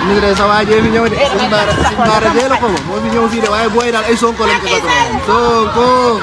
ñu ngi lay sa waa eh, la ko waaye booy daal ay sonko lañ ko kat moom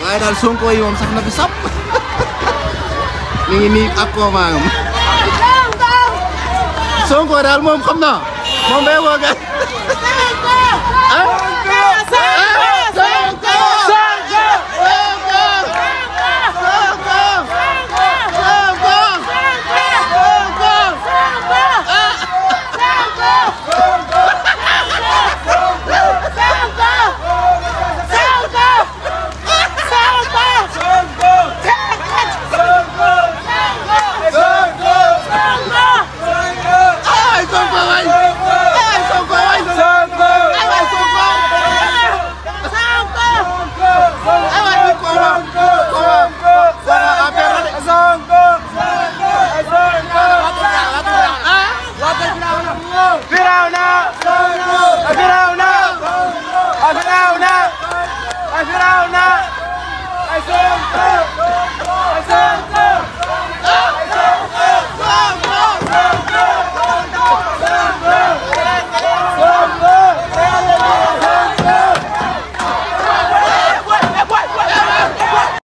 waaye daal sonko yi moom sax na fi sap mi ngi nii ak koomaangam sonko daal moom xam naa moom day woo